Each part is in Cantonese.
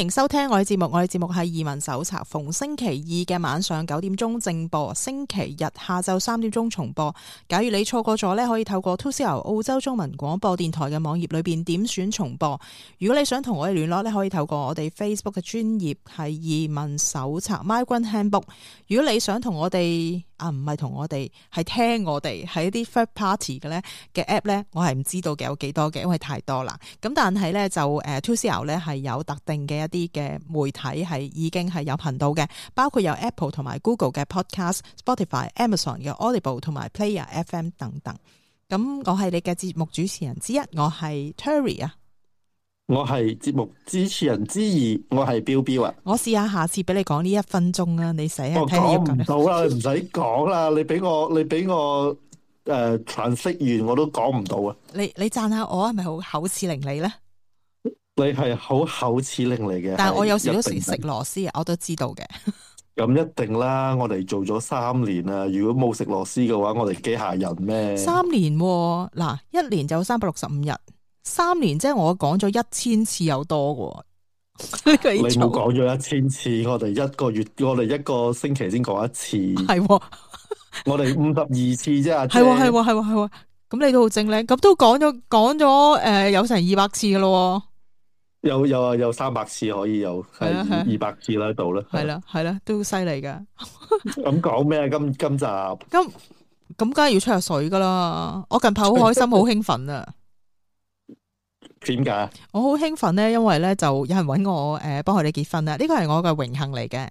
歡迎收聽我哋節目。我哋節目係移民手冊，逢星期二嘅晚上九點鐘正播，星期日下晝三點鐘重播。假如你錯過咗呢，可以透過 2CR 澳洲中文廣播電台嘅網頁裏邊點選重播。如果你想同我哋聯絡呢，可以透過我哋 Facebook 嘅專頁係移民手冊 Migrant Handbook。如果你想同我哋啊，唔係同我哋係聽我哋喺一啲 Third Party 嘅呢嘅 App 呢，我係唔知道嘅有幾多嘅，因為太多啦。咁但係呢，就誒 2CR 係有特定嘅一。啲嘅媒體係已經係有頻道嘅，包括有 Apple 同埋 Google 嘅 Podcast、Spotify、Amazon 嘅 Audible 同埋 Player FM 等等。咁我係你嘅節目主持人之一，我係 Terry 啊。我係節目主持人之二，我係 Bill Bill 啊。我試下下次俾你講呢一分鐘啊，你使啊？我講唔到啦，你唔使講啦。你俾我，你俾我誒闡釋完，我都講唔到啊。你你讚下我係咪好口齒伶俐咧？你係好口齒伶俐嘅，但係我有時時食螺絲，我都知道嘅。咁一定啦，我哋做咗三年啦。如果冇食螺絲嘅話，我哋機械人咩？三年嗱、啊，一年就三百六十五日，三年即係我講咗一千次有多嘅。你冇講咗一千次， 我哋一個月，我哋一個星期先講一次。係， 我哋五十二次啫。係，係、 啊，係、啊，係、啊。咁、啊啊、你正都好精叻，咁都講咗講咗，誒、呃，有成二百次嘅咯。有有啊！有三百次可以有，係二百次啦，度咧、啊。係啦、啊，係啦、啊啊，都犀利噶。咁講咩啊？今今集，咁咁梗係要吹下水噶啦！我近排好開心，好 興奮啊！點解樣？我好興奮咧，因為咧就有人搵我誒，幫佢哋結婚啦。呢個係我嘅榮幸嚟嘅。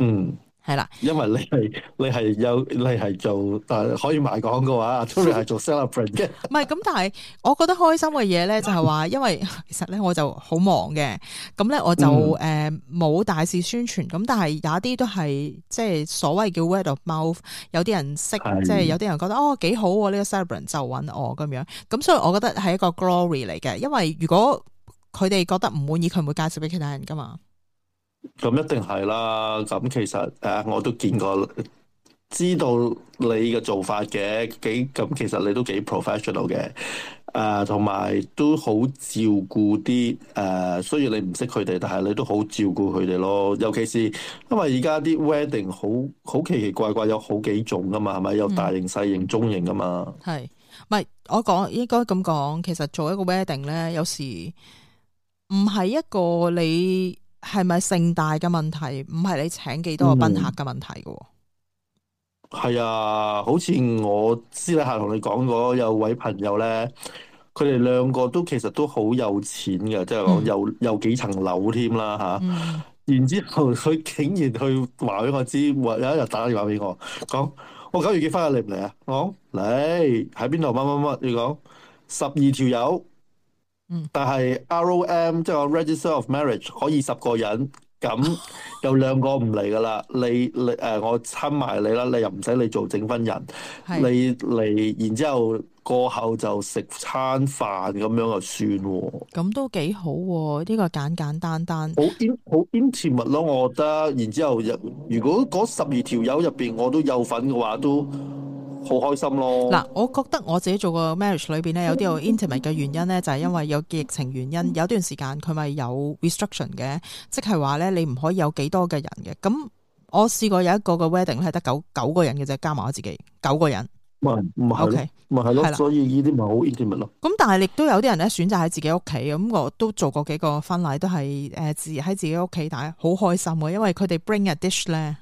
嗯。係啦，因為你係你係有你係做，但、啊、可以賣講嘅話，通常係做 celebrant 嘅。唔係咁，但係我覺得開心嘅嘢咧，就係話，因為其實咧我就好忙嘅，咁咧 我就誒冇、嗯呃、大肆宣傳。咁但係有一啲都係即係所謂叫 word of mouth，有啲人識，即係是有啲人覺得哦幾好呢、啊這個 celebrant 就揾我咁樣。咁所以我覺得係一個 glory 嚟嘅，因為如果佢哋覺得唔滿意，佢唔會介紹俾其他人噶嘛。咁一定係啦，咁其實誒、呃，我都見過，知道你嘅做法嘅，幾咁其實你都幾 professional 嘅，誒、呃，同埋都好照顧啲誒，雖然你唔識佢哋，但係你都好照顧佢哋咯，尤其是因為而家啲 wedding 好好奇奇怪怪，有好幾種噶嘛，係咪有大型、嗯、細型、中型噶嘛？係，唔係我講應該咁講，其實做一個 wedding 咧，有時唔係一個你。係咪盛大嘅問題？唔係你請幾多個賓客嘅問題嘅。係、嗯、啊，好似我私底下同你講過，有位朋友咧，佢哋兩個都其實都好有錢嘅，即係講有有幾層樓添啦吓。啊嗯、然之後佢竟然去話俾我知，有一日打電話俾我講：我九月幾翻啊？嚟唔嚟啊？我嚟喺邊度？乜乜乜？你講十二條友。但係 ROM 即係我 Register of Marriage 可以十個人，咁有兩個唔嚟㗎啦。你、呃、我你我侵埋你啦，你又唔使你做證婚人，是的 你嚟然之後。過後就食餐飯咁樣就算，咁都幾好，啊，呢、呢個簡簡單單好 in 好 intimate 咯，我覺得。然之後，如果嗰十二條友入邊我都有份嘅話，都好開心咯。嗱，我覺得我自己做個 marriage 裏邊咧，有啲好 intimate 嘅原因咧，就係、是、因為有疫情原因，有段時間佢咪有 restriction 嘅，即係話咧你唔可以有幾多嘅人嘅。咁我試過有一個個 wedding 咧係得九九個人嘅啫，加埋我自己九個人。唔係咯，咪係咯，唔係 okay，所以呢啲咪好熱門咯。咁但係亦都有啲人咧選擇喺自己屋企，咁我都做過幾個婚禮，都係誒自喺自己屋企，大家好開心嘅，因為佢哋 bring a dish 咧。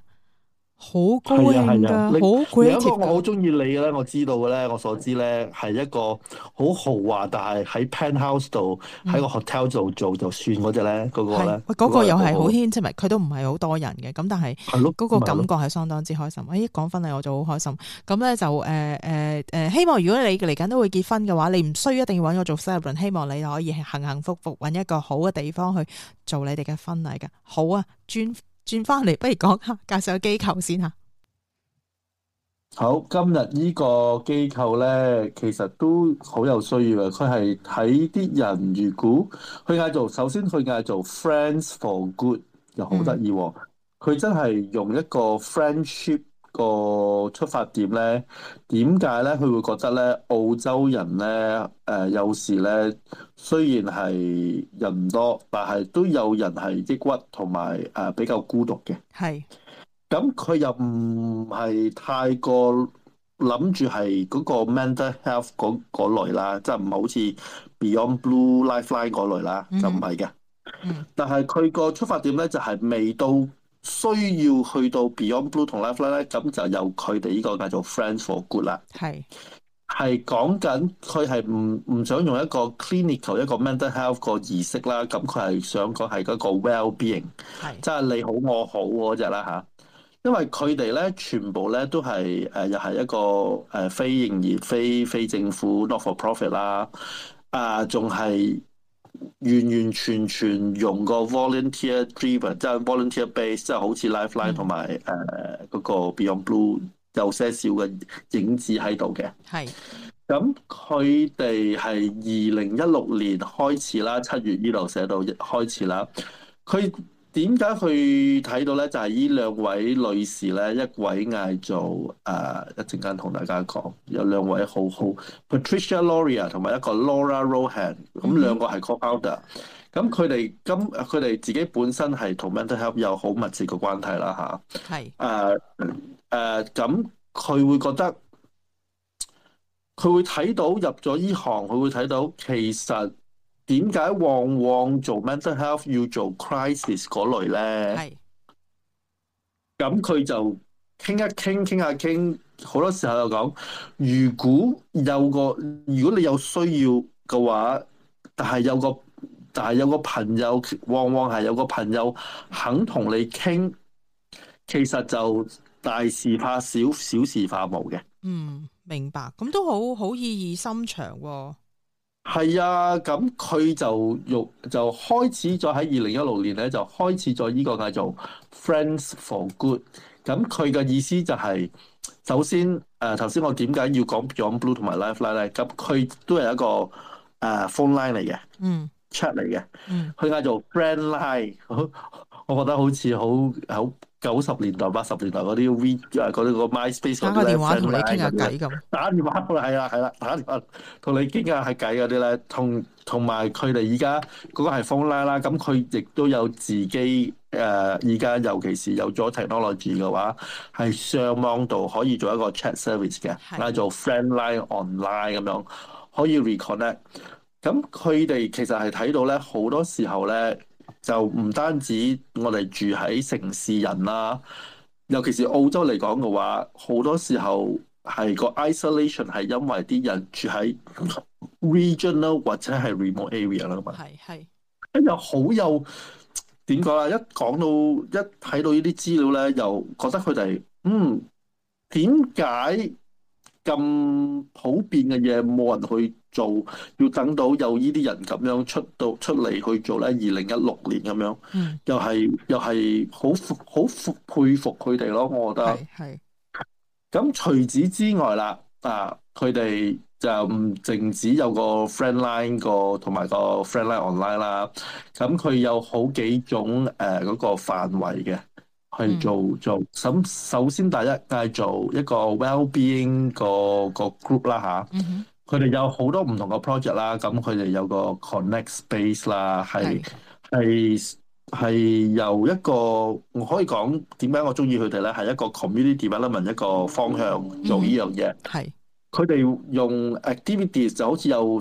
好高興㗎，好貴一我好中意你嘅咧，我知道嘅咧，我所知咧，係一個好豪華的，但係喺 penthouse 度，喺個 hotel 度做就算嗰隻咧，嗰、嗯、個咧，嗰、嗰個又係好 hit 即咪？佢都唔係好多人嘅。咁但係嗰個感覺係相當之開心。哎的，講婚禮我就好開心。咁咧的就誒誒誒，希望如果你嚟緊都會結婚嘅話，你唔需要一定要揾我做 e 司儀。希望你可以幸幸福福揾一個好嘅地方去做你哋嘅婚禮嘅。好啊，尊。轉翻嚟，不如講下介紹下機構先吓。好，今日個機呢個機構咧，其實都好有需要嘅。佢係睇啲人如股，佢嗌做，首先佢嗌做 Friends for Good 又好得意，佢、嗯、真係用一個 friendship。個出發點咧，點解咧？佢會覺得咧，澳洲人咧，誒、呃、有時咧，雖然係人多，但係都有人係抑鬱同埋誒比較孤獨嘅。係咁是，佢又唔係太過諗住係嗰個 mental health 嗰類啦，即係唔係好似 Beyond Blue Lifeline 嗰類啦，就唔係嘅。但係佢個出發點咧，就係、是、未到。需要去到 Beyond Blue 同 LifeLine 咧，咁就由佢哋呢個叫做 Friends for Good 啦。係係講緊佢係唔唔想用一個 clinical 一個 mental health 的儀個儀式啦，咁佢係想講係嗰個 wellbeing，係即係你好我好嗰隻啦吓。因為佢哋咧全部咧都係誒、呃、又係一個誒、呃、非營業非非政府 not for profit 啦，啊仲係。完完全全用個 volunteer driven，即係 volunteer base，即係好似 Lifeline 同埋誒嗰、嗯呃嗰個 Beyond Blue 有些少嘅影子喺度嘅。係是，咁佢哋係二零一六年開始啦，七月呢度寫到一開始啦，佢。點解去睇到咧？就係、是、呢兩位女士咧，一位嗌做誒，一陣間同大家講，有兩位好好，Patricia Lauria 同埋一個 Laura Rohan，咁兩個係 co-founder 咁佢哋今佢哋自己本身係同 mental health 有好密切嘅關係啦吓？係誒誒，咁、hmm. 佢、啊啊、會覺得佢會睇到入咗依行，佢會睇到其實。點解往往做 mental health 要做 crisis 嗰類咧？係咁佢就傾一傾，傾下傾，好多時候就講，如果有個如果你有需要嘅話，但係有個但係有個朋友，往往係有個朋友肯同你傾，其實就大事怕小，小事怕無嘅。嗯，明白，咁都好好意義深長哦。係啊，咁佢就用就開始咗喺二零一六年咧，就開始咗呢個嗌做 Friends for Good。咁佢嘅意思就係，首先誒，頭先我點解要講 Beyond Blue 同埋 Life Line 咧？咁佢都係一個誒 phone line 嚟嘅，嗯，chat 嚟嘅，嗯，佢嗌做 Friend Line。 我覺得好似好好九十年代八十年代嗰啲 V 啊嗰啲個 MySpace 嗰啲咧 friend line，打電話同你傾下偈咁。打電話啦，係啦，係啦，打電話同你傾下係偈嗰啲咧，同同埋佢哋而家嗰個係 phone line 啦，咁佢亦都有自己誒而家，尤其是有咗 technology 嘅話，係上網度可以做一個 chat service 嘅，叫做 Friend Line Online 咁樣，可以 reconnect。咁佢哋其實係睇到咧，好多時候咧。就唔單止我哋住喺城市人啦、啊，尤其是澳洲嚟講嘅話，好多時候係個 isolation 係因為啲人住喺 regional 或者係 remote area 啦嘛。係係，咁又好有點講啊！一講到一睇到呢啲資料咧，又覺得佢哋嗯，點解咁普遍嘅嘢冇人去？做要等到有呢啲人咁樣出到出嚟去做咧，二零一六年咁樣，嗯、又係又係好好佩服佢哋咯，我覺得。係係。咁除此之外啦，啊，佢哋就唔淨止有個 Friendline 個同埋個 Friendline Online 啦，咁佢有好幾種嗰、呃嗰個範圍嘅去做、嗯、做。咁首先第一係做一個 well being 個個 group 啦、啊嗯佢哋有好多唔同嘅 project 啦，咁佢哋有個 connect space 啦，係係係由一個，我可以講，點解我中意佢哋咧，係一個 community development 一個方向做呢樣嘢。係，佢哋用 activities 就好似有。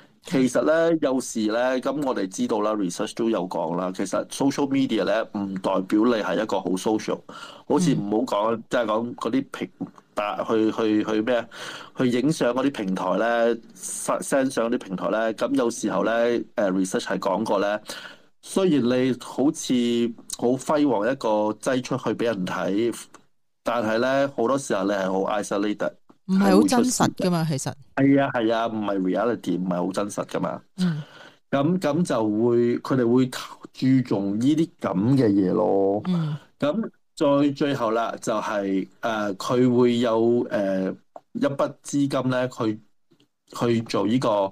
其實咧，有時咧，咁我哋知道啦、mm.，research 都有講啦。其實 social media 咧，唔代表你係一個 social，好 social。好似唔好講，即係講嗰啲平，去去去咩？去影相嗰啲平台咧，send 相嗰啲平台咧，咁有時候咧、uh,，research 係講過咧，雖然你好似好輝煌一個擠出去俾人睇，但係咧，好多時候你係好 isolated。唔係好真實噶嘛，其實係啊係啊，唔係、啊、reality，唔係好真實噶嘛。嗯，咁咁就會佢哋會注重呢啲咁嘅嘢咯。嗯，咁再最後啦，就係誒佢會有誒、呃、一筆資金咧，去去做呢、呢個。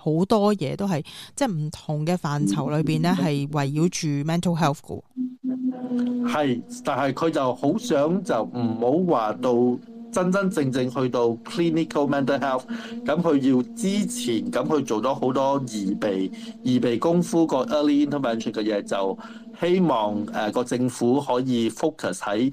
好多嘢都係即係唔同嘅範疇裏邊咧，係圍繞住 mental health 嘅。係，但係佢就好想就唔好話到真真正正去到 clinical mental health，咁佢要之前咁去做咗好多預備、預備功夫個 early intervention 嘅嘢，就希望誒個政府可以 focus 喺。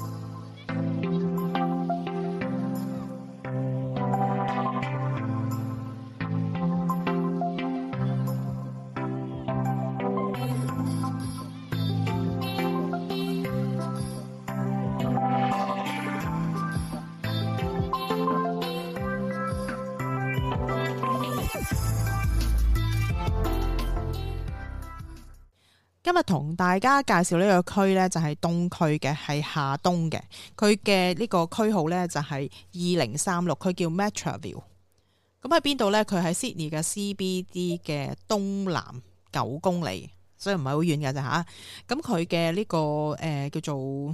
今日同大家介紹呢個區呢，就係東區嘅，係夏東嘅。佢嘅呢個區號呢，就係二零三六，佢叫 Matraville。咁喺邊度呢？佢喺 Sydney 嘅 CBD 嘅東南九公里，所以唔係好遠㗎咋吓。咁佢嘅呢個誒、呃、叫做。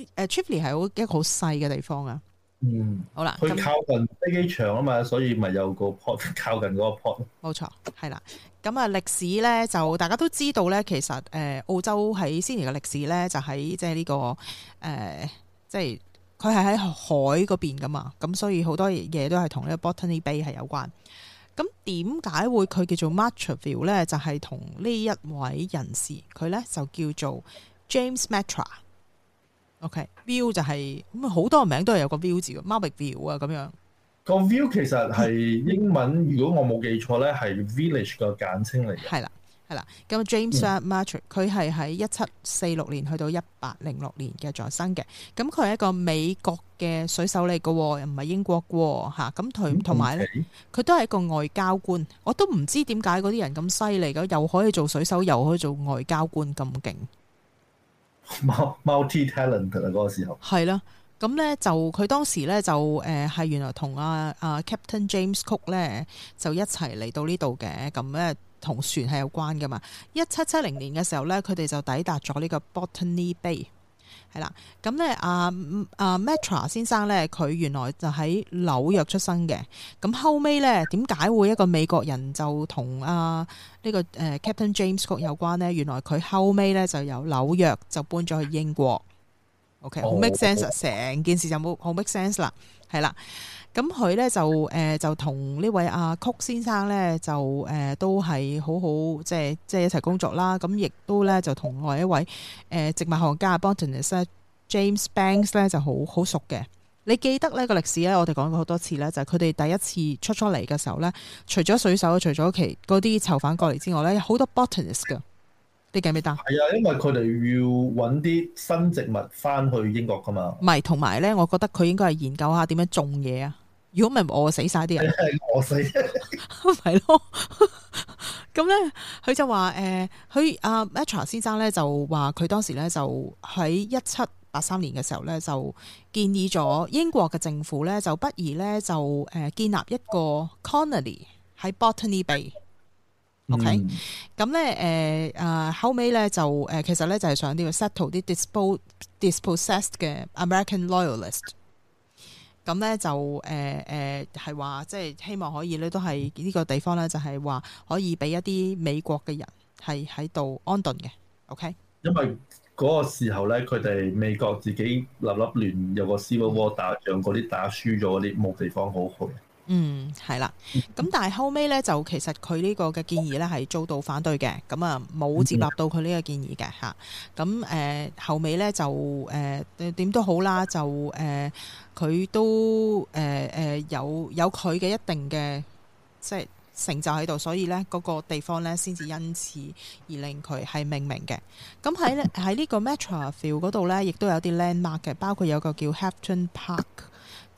誒，Matraville 係好一個好細嘅地方啊。嗯，好啦，佢靠近飛機場啊嘛，所以咪有個 port 靠近嗰個 port。冇錯，係啦。咁啊，歷史咧就大家都知道咧，其實誒、呃、澳洲喺 Sydney 嘅歷史咧就喺即係呢個誒，即係佢係喺海嗰邊噶嘛，咁所以好多嘢都係同呢個 Botany Bay 係有關。咁點解會佢叫做 Matraville 咧？就係同呢一位人士，佢咧就叫做 James Matra。OK，view，okay，就係咁啊，好多名字都係有個 view 字喎 Mavic View 啊咁樣。個 view 其實係英文， 如果我冇記錯咧，係 village 個簡稱嚟嘅。係啦，係啦。咁 James Matra 佢係喺一七四六年去到一八零六年嘅在生嘅。咁佢係一個美國嘅水手嚟嘅，又唔係英國喎吓，咁佢同埋咧，佢 都係一個外交官。我都唔知點解嗰啲人咁犀利，咁又可以做水手，又可以做外交官，咁勁。multi talent 啊！嗰、 那個時候係啦，咁咧就佢當時咧就誒係、呃、原來同阿、啊啊、Captain James Cook 咧就一齊嚟到呢度嘅。咁咧同船係有關㗎嘛。一七七零年嘅時候咧，佢哋就抵達咗呢個 Botany Bay。係啦，咁咧阿阿 Matra 先生咧，佢原來就喺紐約出生嘅。咁後尾咧，點解會一個美國人就同阿呢個、啊、Captain James Cook 有關咧？原來佢後尾咧就由紐約就搬咗去英國。OK，、哦、好 make sense，成件事就冇好 make sense 啦。係啦。咁佢咧就誒就同呢位阿曲先生咧就誒，都係好好，即係即係一齊工作啦。咁亦都咧就同另外一位誒植物學家 Botanist James Banks 咧就好好熟嘅。你記得呢個歷史咧，我哋講過好多次咧，就係佢哋第一次出出嚟嘅時候咧，除咗水手，除咗其嗰啲囚犯過嚟之外咧，有好多 Botanist 噶。你記唔記得？係啊，因為佢哋要揾啲新植物翻去英國噶嘛。唔係，同埋咧，我覺得佢應該係研究下點樣種嘢啊。如果唔係餓死晒啲人，餓死，係咯。咁咧，佢、呃、就話佢阿、啊、Matra 先生咧就話，佢當時咧就喺一七八三年嘅時候咧就建議咗英國嘅政府咧就不如咧就、呃、建立一個 Connelly 喺 Botany Bay，嗯 okay？OK，咁咧誒啊後尾咧就、呃、其實咧就係、是、想呢個 settle 啲 dispo dispossessed 嘅 American loyalist。咁咧就誒誒係話，即係希望可以咧，都係呢個地方咧，就係話可以俾一啲美國嘅人係喺度安頓嘅。OK，因為嗰個時候咧，佢哋美國自己立立亂，有個 Civil War 打仗，嗰啲打輸咗，嗰啲冇地方好去。嗯，係啦，咁但係後尾咧就其實佢呢個嘅建議咧係遭到反對嘅，咁啊冇接納到佢呢個建議嘅吓，咁誒、嗯嗯、後尾咧就誒點都好啦，就誒佢、呃呃、都誒誒、呃呃、有有佢嘅一定嘅即係成就喺度，所以咧嗰個地方咧先至因此而令佢係命名嘅。咁喺喺呢個 Matraville 度咧，亦都有啲 landmark 嘅，包括有一個叫 Hampton Park。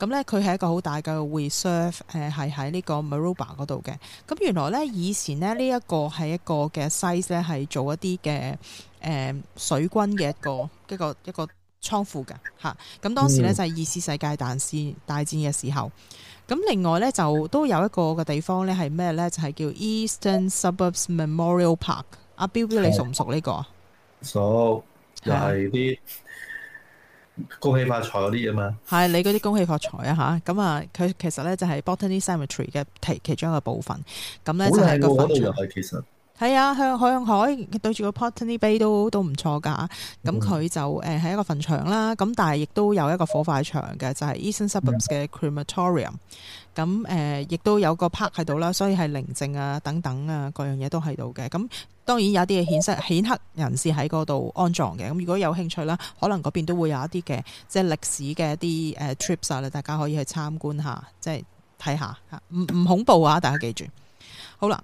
咁咧，佢係、嗯、一個好大嘅 reserve，誒、呃、係喺呢個 Maroubra 嗰度嘅。咁原來咧，以前咧呢、這個、一個係一、呃、一個嘅 size 咧係做一啲嘅誒水軍嘅一個一個一個倉庫嘅嚇。咁、啊嗯嗯、當時咧就係、是、二次世界大戰大戰嘅時候。咁另外咧就都有一個嘅地方咧係咩咧？就係、是、叫 Eastern Suburbs Memorial Park。阿 Bill Bill，你熟唔熟呢、這個？熟、嗯，就係啲。 恭喜發財嗰啲啊嘛，係你嗰啲恭喜發財啊吓，咁啊佢其實咧就係 Botany Cemetery 嘅其其中一個部分，咁咧就係個墳場。係啊，向海向海，對住個 Botany Bay 都都唔錯㗎。咁佢 Okay. 就係、呃、一個墳場啦。咁但係亦都有一個火化場嘅，就係 Eastern Suburbs 嘅 Crematorium。咁亦都有個 park 喺度啦，所以係寧靜啊等等啊各樣嘢都喺度嘅。咁、嗯、當然有啲嘅顯示顯赫人士喺嗰度安葬嘅。咁如果有興趣啦，可能嗰邊都會有一啲嘅即係歷史嘅一啲 trips 啊，大家可以去參觀下，即係睇下吓唔唔恐怖啊！大家記住，好啦。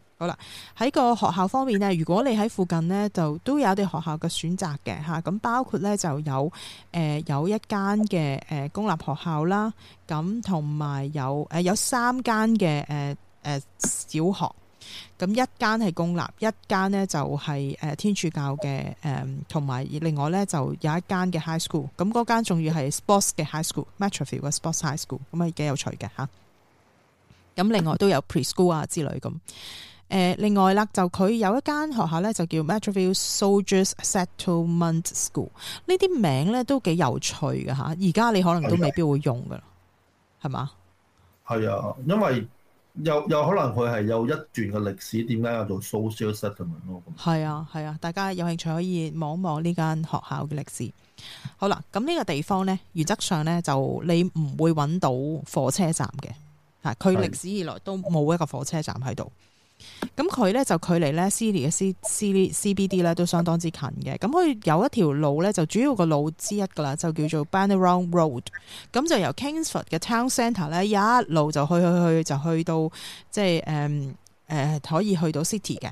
好啦，喺個學校方面咧，如果你喺附近咧，就都有啲學校嘅選擇嘅吓，咁、啊、包括咧就有誒、呃、有一間嘅誒公立學校啦，咁同埋有誒、呃、有三間嘅誒誒小學，咁、啊、一間係公立，一間咧就係、是、誒天主教嘅誒，同、啊、埋另外咧就有一間嘅 high school，咁嗰間仲要係 sports 嘅 high school，Matraville 嘅 sports high school，咁 啊幾有趣嘅吓，咁、啊啊、另外都有 preschool 啊之類咁。誒另外啦，就佢有一間學校咧，就叫 Matraville Soldiers Settlement School。呢啲名咧都幾有趣嘅嚇。而家你可能都未必會用嘅，係嘛的？係啊吧，因為有，有可能佢係有一段嘅歷史，點解叫做 Soldiers Settlement 咯？係啊，係啊，大家有興趣可以望一望呢間學校嘅歷史。好啦，咁呢個地方咧，原則上咧就你唔會揾到火車站嘅嚇。佢歷史以來都冇一個火車站喺度。咁佢咧就距離咧 City 嘅 C c CBD 咧都相當之近嘅，咁佢有一條路咧就主要個路之一噶啦，就叫做 Bunnerong Road，咁就由 Kingsford 嘅 Town Centre 咧一路就去去去,去就去到即係誒誒可以去到 City 嘅。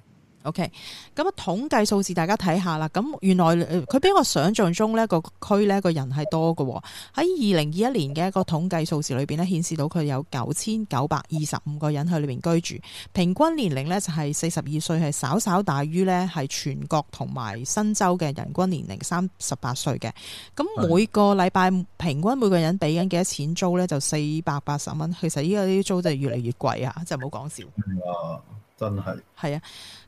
OK，咁啊統計數字大家睇下啦，咁原來佢比我想象中呢個區呢個人係多嘅喎。喺二零二一年嘅一個統計數字裏邊呢，顯示到佢有九千九百二十五個人喺裏面居住，平均年齡呢，就係四十二歲，係稍稍大於呢係全國同埋新州嘅人均年齡三十八歲嘅。咁每個禮拜平均每個人俾緊幾多錢租呢？就四百八十蚊。其實依家啲租就越嚟越貴啊，就唔好講笑。嗯啊真係係啊，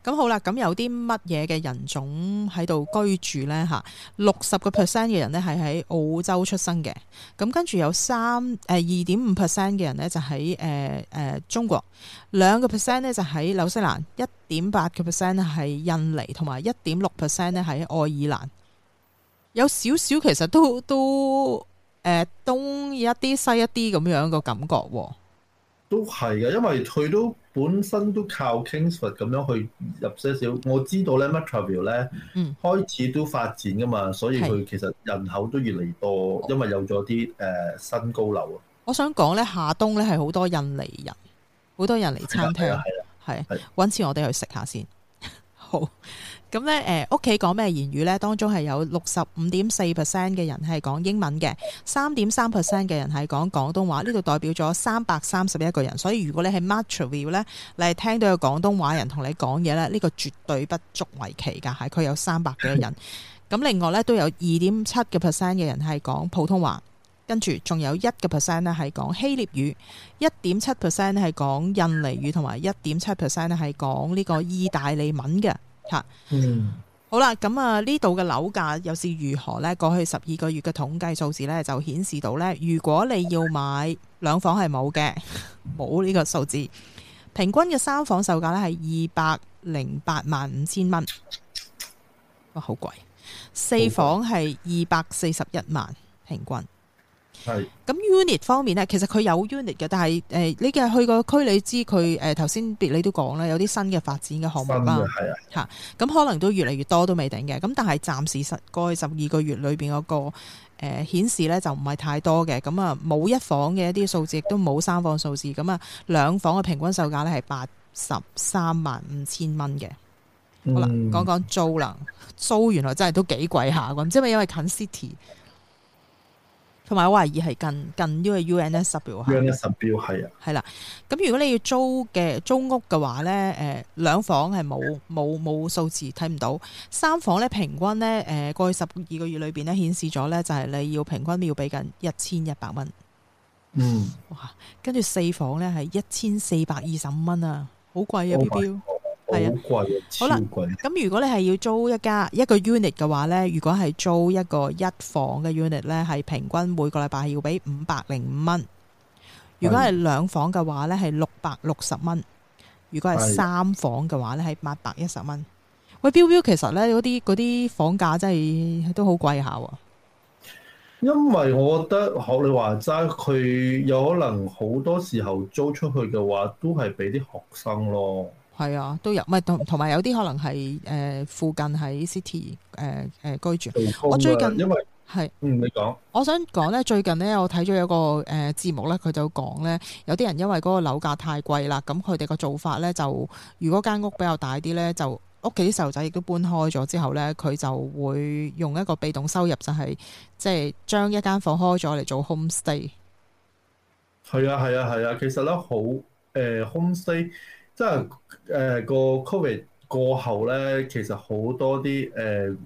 咁好啦，咁有啲乜嘢嘅人種喺度居住呢？吓，六十個 percent 嘅人呢係喺澳洲出生嘅，咁跟住有三誒二點五 percent 嘅人呢就喺誒誒中國，兩個 percent 呢就喺紐西蘭，一點八個 percent 係印尼，同埋一點六 percent 呢喺愛爾蘭，有少少其實都都誒、呃、東一啲西一啲咁樣個感覺喎，都係嘅，因為佢都。本身都靠 Kingsford 咁樣去入些少，我知道咧 Matraville 咧，嗯、開始都發展噶嘛，所以佢其實人口都越嚟越多，哦、因為有咗啲誒新高樓啊。我想講咧，夏東咧係好多印尼人，好多人嚟餐廳，係啦，係揾錢我哋去食下先，好。咁咧，誒屋企講咩言語咧？當中係有六十五點四 percent 嘅人係講英文嘅，三點三 percent 嘅人係講廣東話。呢度代表咗三百三十一個人。所以如果你係 Matraville 咧，你係聽到有廣東話人同你講嘢咧，呢個絕對不足為奇噶。係佢有三百幾人。咁另外咧都有二點七嘅 percent 嘅人係講普通話，跟住仲有一個 percent 咧係講希臘語，一點七 percent 咧係講印尼語，同埋一點七 percent 咧係講呢個意大利文嘅。吓，Yeah. mm hmm. 好啦，咁啊呢度嘅樓價又是如何呢？過去十二個月嘅統計數字呢，就顯示到呢：如果你要買兩房係冇嘅，冇呢個數字。平均嘅三房售價呢，係二百零八萬五千蚊，哇，貴好貴貴。四房係二百四十一萬，平均。係咁是 unit 方面咧，其實佢有 unit 嘅，但係誒、呃，你嘅去個區你知佢誒，頭先你都講啦，有啲新嘅發展嘅項目啦，係啊個，吓咁、嗯、可能都越嚟越多都未定嘅，咁但係暫時實過去十二個月裏邊嗰個誒、呃、顯示咧就唔係太多嘅，咁啊冇一房嘅一啲數字，亦都冇三房數字，咁、嗯、啊、嗯、兩房嘅平均售價咧係八十三萬五千蚊嘅。好啦，講講租啦，租原來真係都幾貴下，唔知係咪因為近 city。同埋我懷疑係近近，因為 UNSW 喎。UNSW 係啊，係啦的。咁如果你要租嘅租屋嘅話咧，誒、呃、兩房係冇冇冇數字睇唔到，三房咧平均咧誒、呃、過去十二個月裏邊咧顯示咗咧就係、是、你要平均都要俾近一千一百蚊。嗯。哇！跟住四房咧係一千四百二十五蚊啊，好貴啊！彪彪、嗯。寶寶係啊，貴貴好貴啊，好啦。咁如果你係要租一家一個 unit 嘅話呢，如果係租一個一房嘅 unit 呢，係平均每個禮拜係要俾五百零五蚊。如果係兩房嘅話呢，係六百六十蚊。的如果係三房嘅話呢，係八百一十蚊。喂，Bill，Bill，其實呢嗰啲嗰啲房價真係都好貴下。因為我覺得學你話齋，佢有可能好多時候租出去嘅話，都係俾啲學生咯。係啊，都有，唔係同同埋有啲可能係誒、呃、附近喺 city 誒、呃、誒、呃、居住。最我最近因為係，是嗯，你講，我想講咧，最近咧，我睇咗一個誒節目咧，佢、呃、就講咧，有啲人因為嗰個樓價太貴啦，咁佢哋個做法咧就，如果間屋比較大啲咧，就屋企啲細路仔亦都搬開咗之後咧，佢就會用一個被動收入，就係即係將一間房開咗嚟做 home stay。係啊係啊係啊，其實咧好誒、呃、home stay。即係誒個 Covid 過後咧，其實好多啲誒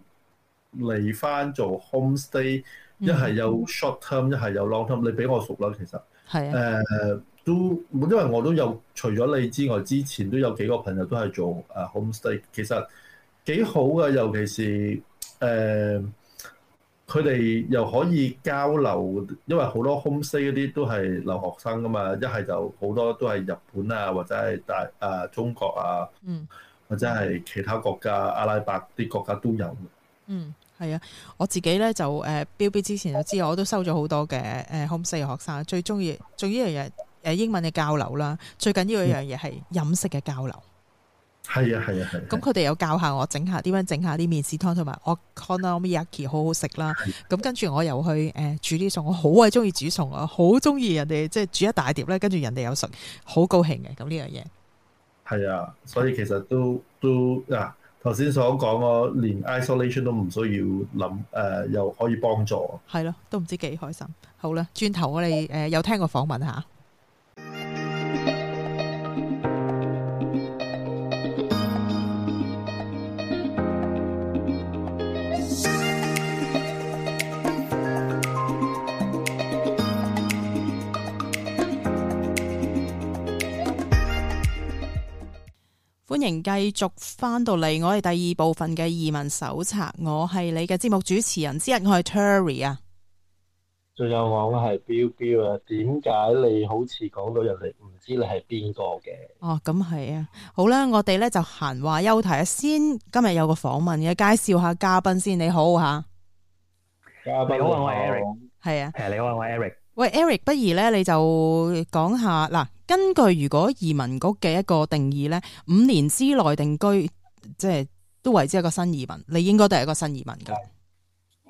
嚟翻做 home stay，一係有 short term，一係有 long term。你比我熟啦，其實係誒、呃、都，因為我都有除咗你之外，之前都有幾個朋友都係做誒 home stay，其實幾好嘅，尤其是誒。呃佢哋又可以交流，因為好多 homestay 嗰啲都係留學生㗎嘛。一係就好多都係日本啊，或者係大啊中國啊，嗯，或者係其他國家、嗯、阿拉伯啲國家都有。嗯，係啊，我自己咧就誒、呃、標標之前就知，我都收咗好多嘅誒 homestay 學生最中意。做呢一樣嘢誒英文嘅交流啦。最緊要一樣嘢係飲食嘅交流。係啊係啊係！咁佢哋又教下我整下，點樣整下啲麵豉湯，同埋我、okonomiyaki 好好食啦。咁、啊、跟住我又去誒煮啲餸，我好鬼中意煮餸啊，好中意人哋即係煮一大碟咧，跟住人哋有食，好高興嘅。咁呢樣嘢係啊，所以其實都都啊頭先所講，我連 isolation 都唔需要諗、呃，又可以幫助。係咯、啊，都唔知幾開心。好啦，轉頭我哋誒有聽過訪問下。歡迎繼續翻到嚟，我哋第二部分嘅移民手冊，我係你嘅節目主持人之一，我係 Terry 啊。仲有我係 Bill Bill 啊，點解你好似講到人哋唔知道你係邊個嘅？哦，咁、嗯、係啊，好啦，我哋咧就閒話休題啊，先今日有個訪問嘅，介紹一下嘉賓先。你好吓，嘉賓你好，你好啊，我係 Eric，係啊，誒，你好啊，我係 Eric。喂，Eric，不如咧你就講下嗱，根據如果移民局嘅一個定義咧，五年之內定居，即係都為之一個新移民，你應該都係一個新移民噶。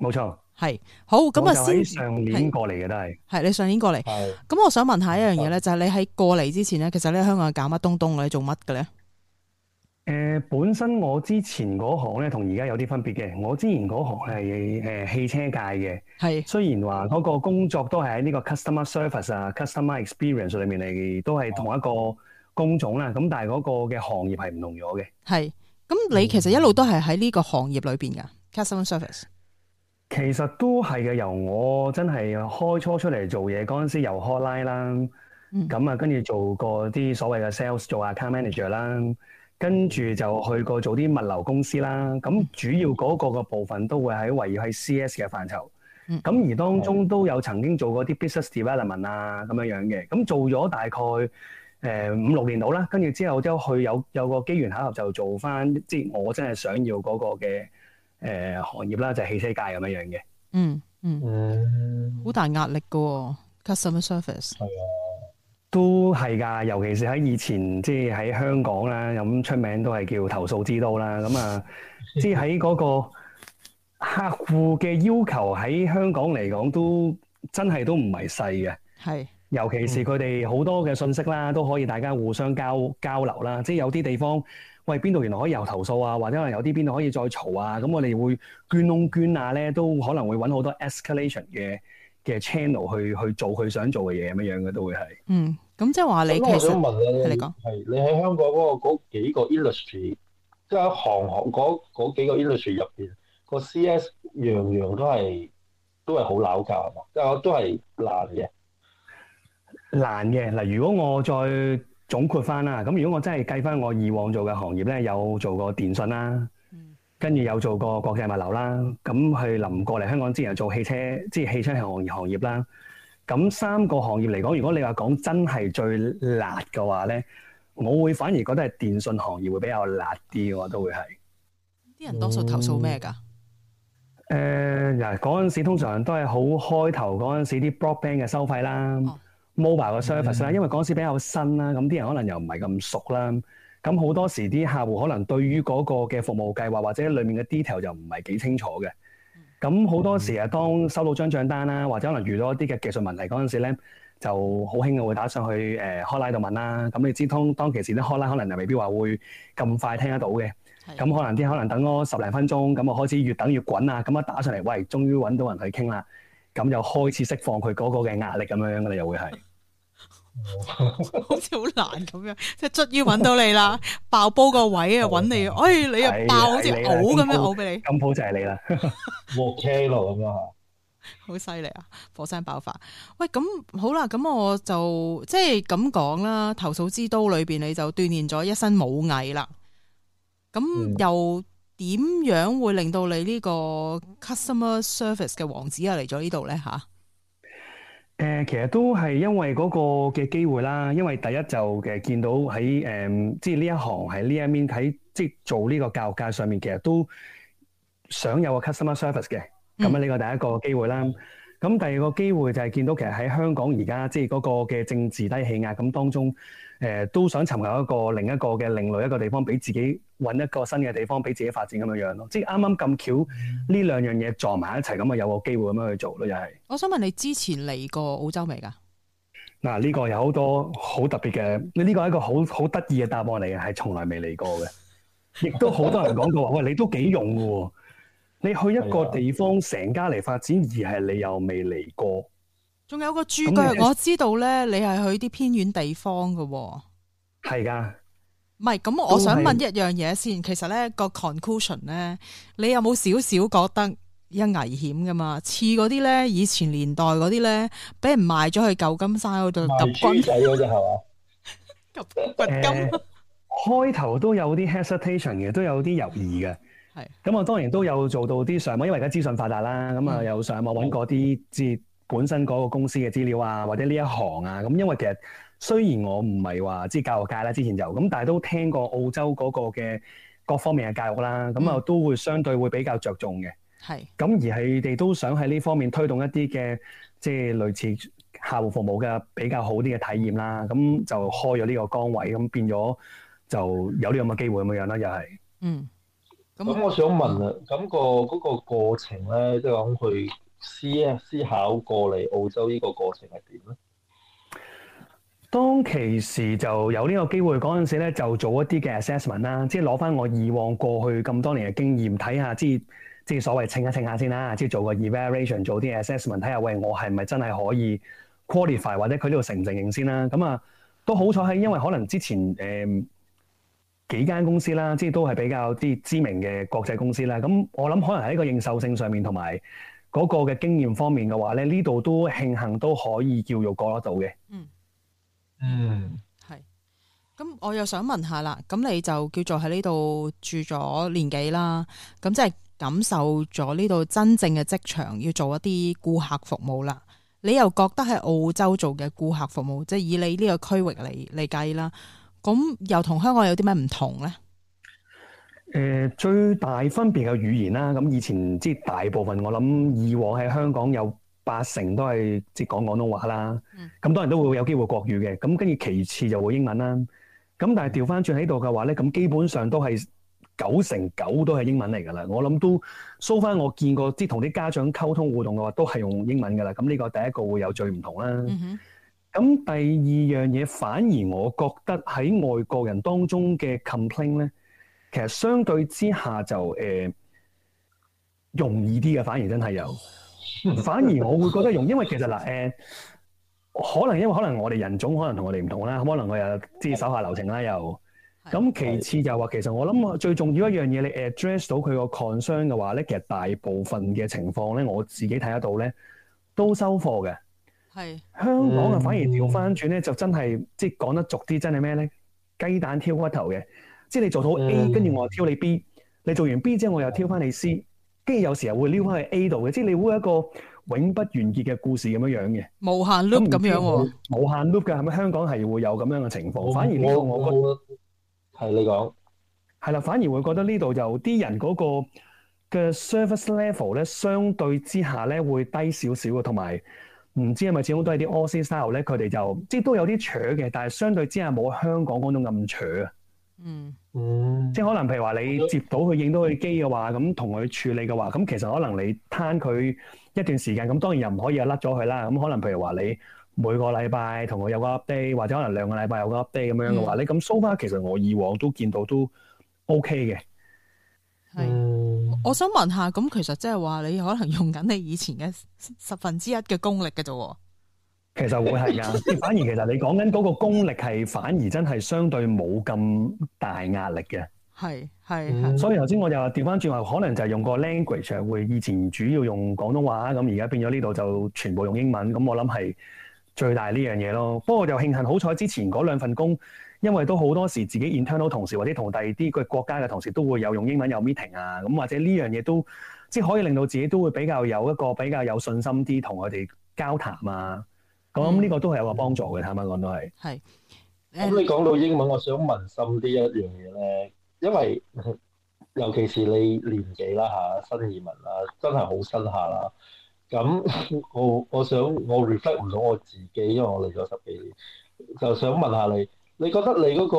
冇錯，係好咁啊，我上年過嚟嘅都係，係你上年過嚟，咁對我想問下一樣嘢咧，就係、是、你喺過嚟之前咧，其實你喺香港搞乜東東你做乜嘅咧？呃、本身我之前嗰行咧，同而家有啲分別嘅。我之前嗰行係誒、呃、汽車界嘅，係是雖然話嗰個工作都係喺呢個 customer service 啊、嗯、customer experience 裏面嚟，都係同一個工種啦。咁但係嗰個嘅行業係唔同咗嘅。係。咁，那你其實一路都係喺呢個行業裏面噶、嗯、customer service。其實都係嘅，由我真係開初出嚟做嘢嗰陣時，由 hotline 啦，咁啊、嗯、跟住做過啲所謂嘅 sales，做 account manager 啦。跟住就去過做啲物流公司啦，咁主要嗰個嘅部分都會喺圍繞喺 CS 嘅範疇，咁、嗯、而當中都有曾經做過啲 business development 啊咁樣樣嘅，咁做咗大概誒五六年度啦，跟住之後都去有有個機緣巧合就做翻即係我真係想要嗰個嘅誒、呃、行業啦，就係、是、汽車界咁樣樣嘅、嗯。嗯嗯。誒。好大壓力㗎喎、哦，customer service。係啊。都係噶，尤其是喺以前，即係喺香港啦，咁出名都係叫投訴之都啦。咁啊，即係喺嗰個客戶嘅要求喺香港嚟講，都真係都唔係細嘅。係，尤其是佢哋好多嘅信息啦，都可以大家互相交交流啦。即係有啲地方，喂邊度原來可以有投訴啊，或者可能有啲邊度可以再嘈啊。咁我哋會捐窿捐罅咧，都可能會揾好多 escalation 嘅。嘅 channel 去去做佢想做嘅嘢咁樣嘅，都會係。嗯，咁即係話你其實想問你，你講係你喺香港嗰個嗰幾個 industry 即喺行行嗰嗰幾個 industry 入邊個 CS 樣樣都係都係好撈教啊，都係難嘅難嘅。嗱，如果我再總括翻啦，咁如果我真係計翻我以往做嘅行業咧，有做過電信啦。跟住有做過國際物流啦，咁佢臨過嚟香港之前做汽車，即係汽車行業行業啦。咁三個行業嚟講，如果你話講真係最辣嘅話咧，我會反而覺得係電信行業會比較辣啲，我都會係。啲人多數投訴咩㗎？誒，嗱，嗰陣時通常都係好開頭嗰陣時啲 Broadband 嘅收費啦，Mobile 嘅 service 啦，因為嗰陣時比較新啦，咁啲人可能又唔係咁熟啦。咁好多時啲客戶可能對於嗰個嘅服務計劃或者裡面嘅 detail 就唔係幾清楚嘅。咁好、嗯、多時啊，當收到張帳單啦，或者可能遇到一啲嘅技術問題嗰陣時咧，就好興嘅會打上去誒 call 拉度問啦。咁你知通當其時啲 call 拉可能又未必話會咁快聽得到嘅。咁可能啲可能等我十多十零分鐘，咁啊開始越等越滾啊。咁一打上嚟，喂，終於揾到人去傾啦。咁又開始釋放佢嗰個嘅壓力咁樣樣啦，又會係。 好似好難咁樣，即係終於揾到你啦，爆煲個位啊，揾你，哎，你又爆好似好咁樣好俾你，咁 好就係你啦，OK 咯，咁樣好犀利啊！火山爆發，喂，咁好啦，咁我就即係咁講啦。投訴之都裏邊，你就鍛煉咗一身武藝啦。咁又點樣會令到你呢個 customer service 嘅王子啊，嚟咗呢度咧吓？誒、呃，其實都係因為嗰個嘅機會啦。因為第一就嘅見到喺誒、嗯，即係呢一行喺呢一面喺即係做呢個教育界上面，其實都想有個 customer service 嘅。咁啊，呢個第一個機會啦。咁、嗯、第二個機會就係見到其實喺香港而家即係嗰個嘅政治低氣壓咁當中。呃、都想尋求一個另一個嘅另類一個地方，俾自己揾一個新嘅地方，俾自己發展咁樣樣咯。即係啱啱咁巧呢、嗯、兩樣嘢撞埋一齊，咁啊有個機會咁樣去做咯，又係。我想問你之前嚟過澳洲未㗎？嗱呢、啊呢個有好多好特別嘅，呢個係一個好好得意嘅答案嚟嘅，係從來未嚟過嘅。 亦都好多人講過話， 喂你都幾勇喎！你去一個地方成、哎、呀家嚟發展，而係你又未嚟過。仲有個豬腳，我知道咧，你係去啲偏遠地方噶喎、哦。係噶，唔係咁，我想問一樣嘢先。其實咧、個 conclusion 咧，你有冇少少覺得有危險噶嘛？似嗰啲咧，以前年代嗰啲咧，俾人賣咗去舊金山嗰度揼軍仔嗰度係嘛？掘金的，開頭棍、呃、都有啲 hesitation 嘅，都有啲猶豫嘅。係的。咁我當然都有做到啲上網，因為而家資訊發達啦，咁啊、嗯、有上網搵嗰啲折。嗯本身嗰個公司嘅資料啊，或者呢一行啊，咁、嗯、因為其實雖然我唔係話即係教育界啦，之前就咁，但係都聽過澳洲嗰個嘅各方面嘅教育啦，咁啊、嗯、都會相對會比較着重嘅。係。咁而佢哋都想喺呢方面推動一啲嘅即係類似客戶服務嘅比較好啲嘅體驗啦。咁就開咗呢個崗位，咁變咗就有呢咁嘅機會咁樣樣啦，又係。嗯。咁、嗯，我想問啊，咁個嗰個過程咧，即係講去。思啊，思考過嚟澳洲呢個過程係點咧？當其時就有呢個機會，嗰陣時咧就做一啲嘅 assessment 啦，即係攞翻我以往過去咁多年嘅經驗，睇下即係即係所謂稱一稱下先啦，即係做個 evaluation，做啲 assessment，睇下喂我係咪真係可以 qualify，或者佢呢度承唔承認先啦。咁啊，都好彩係，因為可能之前誒、呃、幾間公司啦，即係都係比較啲知名嘅國際公司啦。咁我諗可能喺個認受性上面同埋。嗰個嘅經驗方面嘅話咧，呢度都慶幸都可以叫做過得到嘅。嗯嗯，係。咁我又想問下啦，咁你就叫做喺呢度住咗年幾啦？咁即係感受咗呢度真正嘅職場，要做一啲顧客服務啦。你又覺得喺澳洲做嘅顧客服務，即係以你呢個區域嚟嚟計啦，咁又同香港有啲咩唔同咧？誒、呃，最大分別嘅語言啦，咁以前即係大部分，我諗以往喺香港有八成都係即係講廣東話啦，咁、mm. 多人都會有機會國語嘅，咁跟住其次就會英文啦。咁但係調翻轉喺度嘅話咧，咁基本上都係九成九都係英文嚟噶啦。我諗都搜翻、so、我見過即係同啲家長溝通互動嘅話，都係用英文噶啦。咁呢個第一個會有最唔同啦。咁、mm hmm. 第二樣嘢，反而我覺得喺外國人當中嘅 complain 咧。其實相對之下就誒、呃、容易啲嘅，反而真係有，反而我會覺得容易，因為其實嗱誒、呃，可能因為可能我哋人種，可能我同我哋唔同啦，可能我又知手下留情啦，是又咁。是其次就話其實我諗最重要的一樣嘢，你 address 到佢個 concern 嘅話咧，其實大部分嘅情況咧，我自己睇得到咧，都收貨嘅。係是香港嘅反而調翻轉咧，就真係、嗯、即係講得俗啲，真係咩咧？雞蛋挑骨頭嘅。即係你做到 A，跟住我又挑你 B、嗯。你做完 B 之後，我又挑翻你 C。跟住有時候會撩翻去 A 度嘅。即係你會有一個永不完結嘅故事咁樣樣嘅，無限 loop 咁樣喎、哦。無限 loop 嘅係咪？香港係會有咁樣嘅情況。我，反而呢度我我，我，我覺得係你講係啦。反而會覺得這裡就呢度又啲人嗰個嘅 service level 咧，相對之下咧會低少少嘅，同埋唔知係咪始終都係啲 Aussie style 咧，佢哋就即係都有啲扯嘅，但係相對之下冇香港嗰種咁扯啊。嗯，嗯，即係可能譬如話你接到佢影到佢機嘅話，咁同佢處理嘅話，咁其實可能你攤佢一段時間，咁當然又唔可以又甩咗佢啦。咁可能譬如話你每個禮拜同佢有個 update，或者可能兩個禮拜有個 update 咁、嗯、樣嘅話，你咁 so far 其實我以往都見到都 OK 嘅。係是，嗯、我想問下，咁其實即係話你可能用緊你以前嘅十分之一嘅功力嘅啫。 其實會係噶，反而其實你講緊嗰個功力係，反而真係相對冇咁大壓力嘅。係係、嗯，所以頭先我又調翻轉話，可能就係用個 language 會以前主要用廣東話咁，而家變咗呢度就全部用英文咁。我諗係最大呢樣嘢咯。不過就慶幸好彩，之前嗰兩份工，因為都好多時自己 internal 同事或者同第二啲國家嘅同事都會有用英文有 meeting 啊，咁或者呢樣嘢都即、係、可以令到自己都會比較有一個比較有信心啲同佢哋交談啊。咁呢個都係有個幫助嘅，坦白講都係。係，咁你講到英文，我想問深啲一樣嘢咧，因為尤其是你年紀啦吓，新移民啦，真係好新下啦。咁我我想我 reflect 唔到我自己，因為我嚟咗十幾年，就想問下你，你覺得你嗰個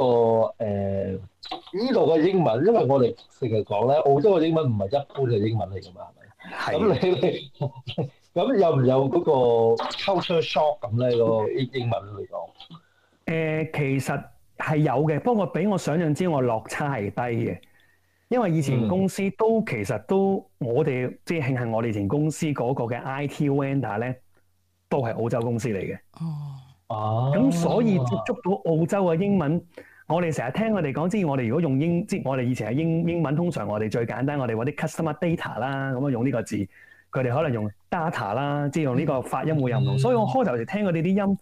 誒呢度嘅英文，因為我哋成日講咧，澳洲嘅英文唔係一般嘅英文嚟噶嘛，係咪？係。咁你咁有唔有嗰個 culture shock 咁咧？個英文嚟講，其實係有嘅，不過畀我想象之下落差係低嘅，因為以前公司都其實都我哋即係慶幸我哋以前公司嗰個嘅 IT vendor 咧，都係澳洲公司嚟嘅。哦，哦，咁所以接觸到澳洲嘅英文，oh. 我哋成日聽佢哋講，即係我哋如果用英，即係我哋以前係英英文，通常我哋最簡單，我哋揾啲 customer data 啦，咁樣用呢個字。佢哋可能用 data 啦，即係用呢個發音會有唔同，嗯嗯、所以我開頭時聽佢哋啲音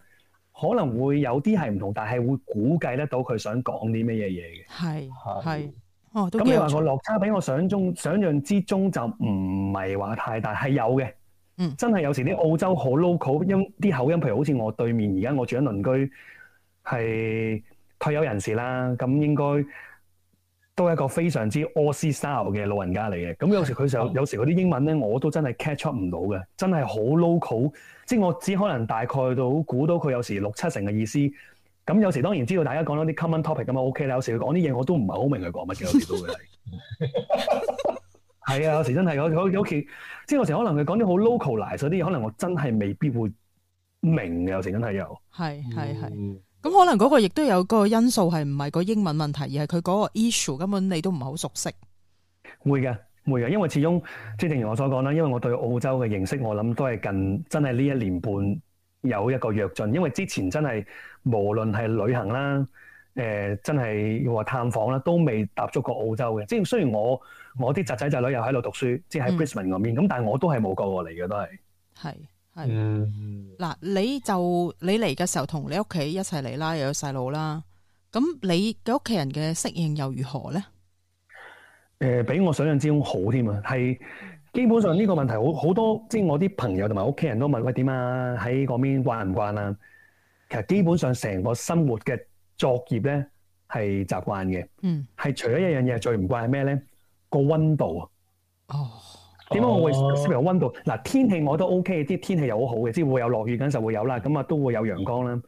可能會有啲係唔同，但係會估計得到佢想講啲咩嘢嘢嘅。係係，嗯、哦，咁你話個落差比我想中、想像之中就唔係話太大，係有嘅。嗯，真係有時啲澳洲好 local 音啲口音，譬如好似我對面而家我住緊鄰居係退休人士啦，咁應該。都係一個非常之 Aussie style 嘅老人家嚟嘅，咁有時佢就有時嗰啲英文咧，我都真係 catch up 唔到嘅，真係好 local，即係我只可能大概到估到佢有時六七成嘅意思。咁有時當然知道大家講多啲 common topic 咁啊 OK 啦。有時佢講啲嘢我都唔係好明佢講乜嘅，有時都會係。係啊，有時真係我我即係有時可能佢講啲好 local 嚟，所以啲嘢可能我真係未必會明嘅。有時真係有。係係係。咁可能嗰個亦都有個因素係唔係個英文問題，而係佢嗰個 issue 根本你都唔係好熟悉。會嘅，會嘅，因為始終即正如我所講啦，因為我對澳洲嘅認識，我諗都係近真係呢一年半有一個躍進。因為之前真係無論係旅行啦，誒、呃，真係話探訪啦，都未踏足過澳洲嘅。即係雖然我我啲侄仔侄女又喺度讀書，即係喺 Brisbane 嗰邊，咁但係我都係冇過過嚟嘅，都係係。係嗱、嗯，你就你嚟嘅時候同你屋企一齊嚟啦，又有細路啦。咁你嘅屋企人嘅適應又如何咧？誒、呃，比我想象之中好添啊！係基本上呢個問題好好多，即係我啲朋友同埋屋企人都問：喂，點啊？喺嗰邊慣唔慣啊？其實基本上成個生活嘅作業咧，係習慣嘅。嗯，係除咗一樣嘢最唔慣係咩咧？個溫度啊。哦。點解我會譬如温度？嗱，天氣我都 O K，啲天氣又好好嘅，即係會有落雨緊就會有啦，咁啊都會有陽光啦。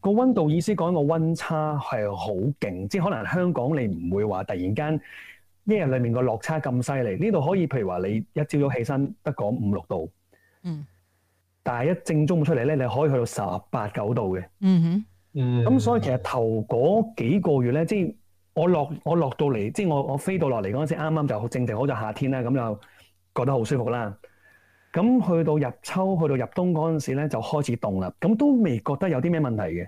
個温、mm hmm. 度意思講個温差係好勁，即係可能香港你唔會話突然間一日裡面個落差咁犀利。呢度可以譬如話你一朝早起身得講五六度，嗯、mm，hmm. 但係一正中午出嚟咧，你可以去到十八九度嘅，嗯哼、mm，嗯。咁所以其實頭嗰幾個月咧，即係我落我落到嚟，即係我我飛到落嚟嗰陣時，啱啱就正正好正定好似夏天啦，咁就。覺得好舒服啦，咁去到入秋，去到入冬嗰陣時咧，就開始凍啦。咁都未覺得有啲咩問題嘅，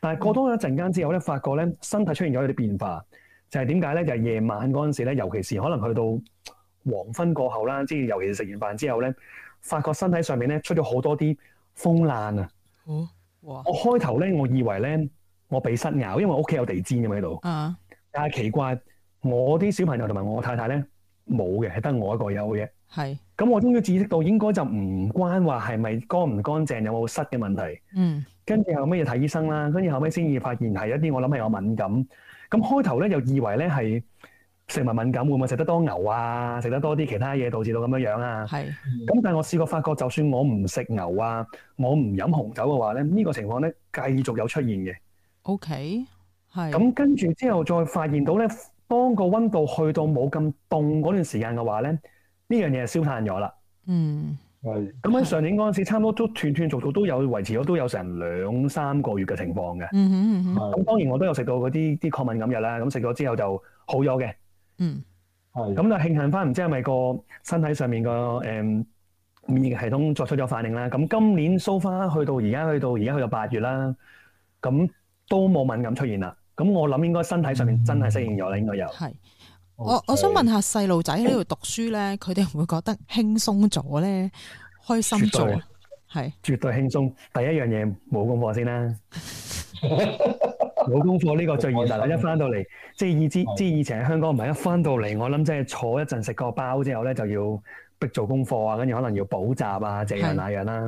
但係過多一陣間之後咧，發覺咧身體出現咗一啲變化，就係點解咧？就係、是、夜晚嗰陣時咧，尤其是可能去到黃昏過後啦，即係尤其是食完飯之後咧，發覺身體上面咧出咗好多啲風癩啊、哦！哇！我開頭咧，我以為咧我畀蝨咬，因為我屋企有地氈咁喺度。啊、uh！Huh. 但係奇怪，我啲小朋友同埋我太太咧。冇嘅，係得我一個有嘅。係是，咁我終於知識到應該就唔關話係咪乾唔乾淨，有冇塞嘅問題。嗯，跟住後尾要睇醫生啦，跟住後尾先至發現係一啲我諗係我敏感。咁開頭咧、嗯、又以為咧係食物敏感，會唔會食得多牛啊，食得多啲其他嘢導致到咁樣樣啊？係。咁、嗯、但係我試過發覺，就算我唔食牛啊，我唔飲紅酒嘅話咧，呢、這個情況咧繼續有出現嘅。O K，係。咁跟住之後再發現到咧。當個溫度去到冇咁凍嗰段時間嘅話咧，呢樣嘢消散咗啦。嗯，咁喺上年嗰陣時，嗯、差唔多都斷斷續續都有維持咗，都有成兩三個月嘅情況嘅。咁、嗯嗯、當然我都有食到嗰啲啲抗敏感藥啦，咁食咗之後就好咗嘅。嗯，咁、嗯、就慶幸翻，唔知係咪個身體上面個、嗯、免疫系統作出咗反應啦？咁今年蘇、so、far 去到而家，去到而家去到八月啦，咁都冇敏感出現啦。咁我諗應該身體上面真係適應咗啦，應該有。係，我我想問下細路仔喺呢度讀書咧，佢哋會唔會覺得輕鬆咗咧？開心咗？係。絕對輕鬆。第一樣嘢冇功課先啦。冇功課呢個最易達啦。一翻到嚟，即係以以前喺香港唔係一翻到嚟，我諗即係坐一陣食個包之後咧，就要逼做功課啊，跟住可能要補習啊，這樣那樣啦。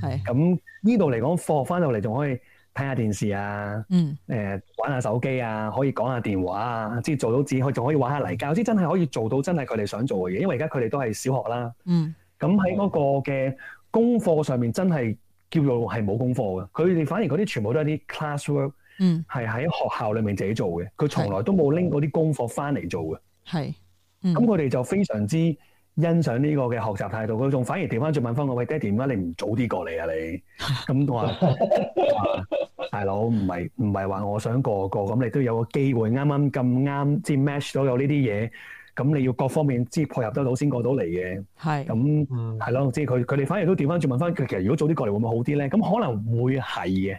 係。咁呢度嚟講，課翻到嚟仲可以睇下電視啊，誒、嗯欸、玩下手機啊，可以講下電話啊，即係做到自己可仲可以玩下泥膠，即真係可以做到真係佢哋想做嘅嘢。因為而家佢哋都係小學啦，咁喺嗰個嘅功課上面真係叫做係冇功課嘅。佢哋反而嗰啲全部都係啲 classwork，係喺、嗯、學校裡面自己做嘅。佢從來都冇拎嗰啲功課翻嚟做嘅。係、嗯，咁佢哋就非常之欣賞呢個嘅學習態度，佢仲反而調翻轉問翻我：喂，爹哋，點解你唔早啲過嚟啊？你咁 我話大佬，唔係唔係話我想過過過個個咁，你都有個機會，啱啱咁啱即係 match 到有呢啲嘢，咁你要各方面即係配合得到先過到嚟嘅。係咁係咯，即係佢佢哋反而都調翻轉問翻佢，其實如果早啲過嚟會唔會好啲咧？咁可能會係嘅。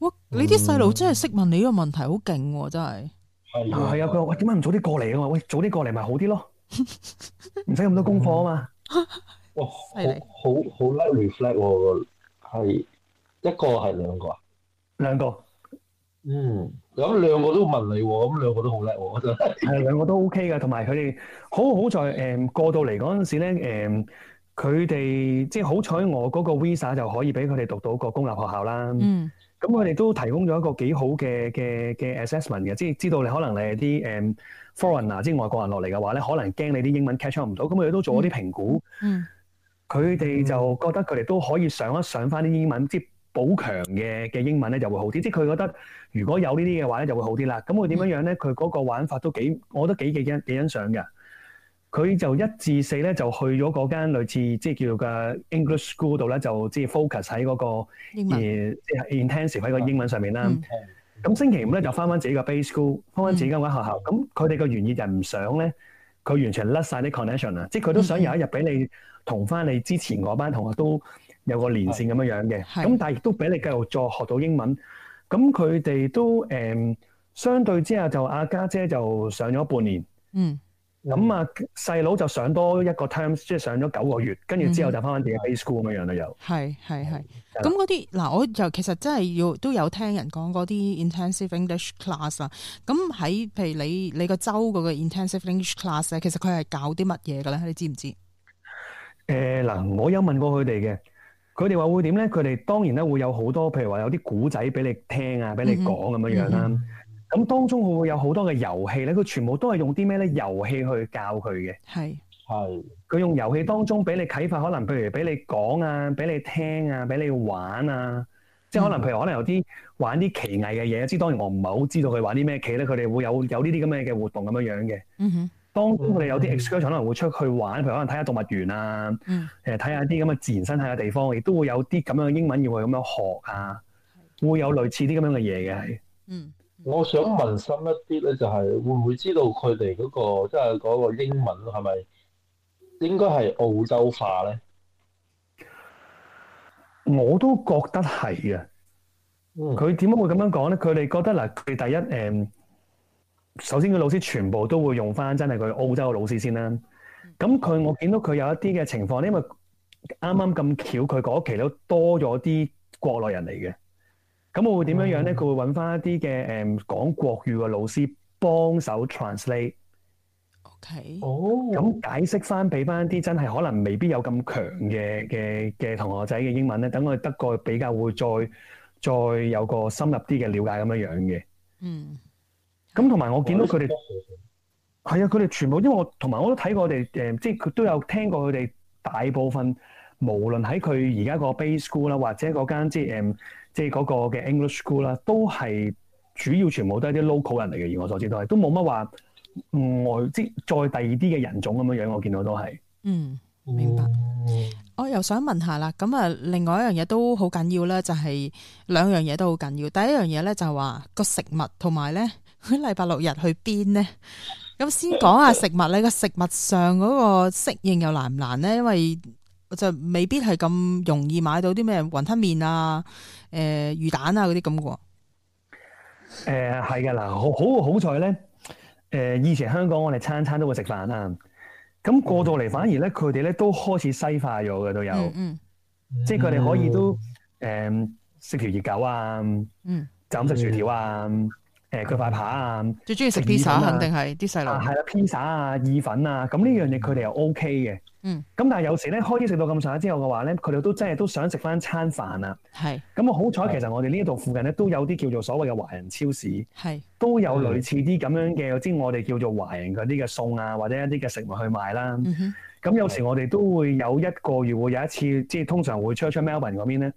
哇！你啲細路真係識問你呢個問題，好勁、嗯、真係。係啊，佢話喂，的啊、佢點解唔早啲過嚟啊？喂，早啲過嚟咪好啲咯。唔使咁多功課啊嘛、嗯，哇，害好好好叻 reflect 喎，係、那個、一個係兩個啊，兩個，兩個嗯，咁兩個都問你喎，咁兩個都好叻喎，我真係，係啊，兩個都 OK 噶，同埋佢哋好好在誒、嗯、過到嚟嗰陣時咧，誒、嗯，佢哋即係好彩，我嗰個 Visa 就可以俾佢哋讀到個公立學校啦。嗯。咁佢哋都提供咗一個幾好嘅嘅嘅 assessment 嘅，即係知道你可能你係啲誒 foreigner，即係外國人落嚟嘅話咧，可能驚你啲英文 catch 唔到，咁佢哋都做咗啲評估。嗯。佢哋就覺得佢哋都可以上一上翻啲英文，嗯、即係補強嘅嘅英文咧就會好啲。即係佢覺得如果有呢啲嘅話咧就會好啲啦。咁佢點樣樣咧？佢嗰、嗯、個玩法都幾，我覺得幾都幾，幾欣幾欣賞嘅。佢就一至四咧就去咗嗰間類似即係叫做嘅 English school 度咧，就即係 focus 喺嗰個文、即係、intensive 喺個英文上面啦。咁、嗯、星期五咧就翻翻自己個 base school，翻翻自己間學校。咁佢哋個原意就唔想咧，佢完全甩晒啲 connection 啊！即係佢都想有一日俾你同翻你之前嗰班同學都有個連線咁、嗯、樣樣嘅。咁是但係亦都俾你繼續再學到英文。咁佢哋都誒、嗯，相對之下就阿家姐就上咗半年。嗯。咁啊，細佬、嗯、就上多一個 terms，即係上咗九個月，跟住之後就翻返自己 A school 咁樣樣啦，又係係係。咁嗰啲嗱，我就其實真係要都有聽人講嗰啲 intensive English class 啦。咁喺譬如你你個州嗰個 intensive English class 咧，其實佢係搞啲乜嘢嘅咧？你知唔知？嗱、呃，我有問過佢哋嘅，佢哋話會點咧？佢哋當然咧會有好多，譬如話有啲古仔俾你聽啊，俾你講咁、嗯嗯、樣樣啦。嗯。咁當中會有好多嘅遊戲咧，佢全部都係用啲咩咧遊戲去教佢嘅。係係佢用遊戲當中俾你啟發，可能譬如俾你講啊，俾你聽啊，俾你玩啊，即係可能譬如可能有啲玩啲棋藝嘅嘢。即、嗯、當然我唔係好知道佢玩啲咩棋咧。佢哋會有有呢啲咁嘅嘅活動咁樣樣嘅。嗯哼當中佢哋有啲 excursion 可能會出去玩，譬如可能睇下動物園啊，誒睇下啲咁嘅自然生態嘅地方，亦都會有啲咁樣嘅英文要去咁樣學啊，會有類似啲咁樣嘅嘢嘅。嗯。我想問深一啲咧，就係會唔會知道佢哋嗰個即係嗰個英文係咪應該係澳洲化咧？我都覺得係嘅。佢點解會咁樣講咧？佢哋覺得嗱，佢、呃、第一誒，首先個老師全部都會用翻真係佢澳洲嘅老師先啦。咁佢我見到佢有一啲嘅情況，因為啱啱咁巧，佢嗰期都多咗啲國內人嚟嘅。咁我會點樣樣咧？佢、嗯、會揾翻一啲嘅誒講國語嘅老師幫手 translate。OK。哦。咁解釋翻，俾翻一啲真係可能未必有咁強嘅嘅嘅同學仔嘅英文咧，等佢哋得個比較會再再有個深入啲嘅了解咁樣樣嘅。嗯。咁同埋我見到佢哋係啊，佢哋全部因為我同埋我都睇過我哋誒，即係佢都有聽過佢哋大部分，無論喺佢而家個 base school 啦，或者嗰間即係誒。嗯即係嗰個嘅 English school 啦，都係主要全部都係啲 local 人嚟嘅，以我所知都係，都冇乜話外即再第二啲嘅人種咁樣樣，我見到都係。嗯，明白。嗯、我又想問下啦，咁啊，另外一樣嘢都好緊要啦，就係、是、兩樣嘢都好緊要。第一樣嘢咧就係、是、話個食物同埋咧，禮拜六日去邊咧？咁先講下食物你個 食物上嗰個適應又難唔難咧？因為就未必係咁容易買到啲咩雲吞麵啊、誒、呃、魚蛋啊嗰啲咁嘅。誒係嘅嗱，好好好彩咧，誒、呃、以前香港我哋餐餐都會食飯啊，咁過到嚟反而咧佢哋咧都開始西化咗嘅都有，嗯，嗯即係佢哋可以都誒食、呃、條熱狗啊，嗯，就咁食薯條啊，誒佢塊扒啊，嗯、吃啊最中意食披薩，肯定係啲細路，係啦、啊啊，披薩啊、意粉啊，咁呢樣嘢佢哋又 OK 嘅。嗯，咁但係有時咧，開始食到咁上下之後嘅話咧，佢哋都真係都想食翻餐飯啊。係是。咁我好彩，其實我哋呢度附近咧都有啲叫做所謂嘅華人超市，係是都有類似啲咁樣嘅，即係是我哋叫做華人嗰啲嘅餸啊，或者一啲嘅食物去賣啦。咁、嗯、哼有時我哋都會有一個月會有一次，即係通常會出出 Melbourne 嗰邊咧，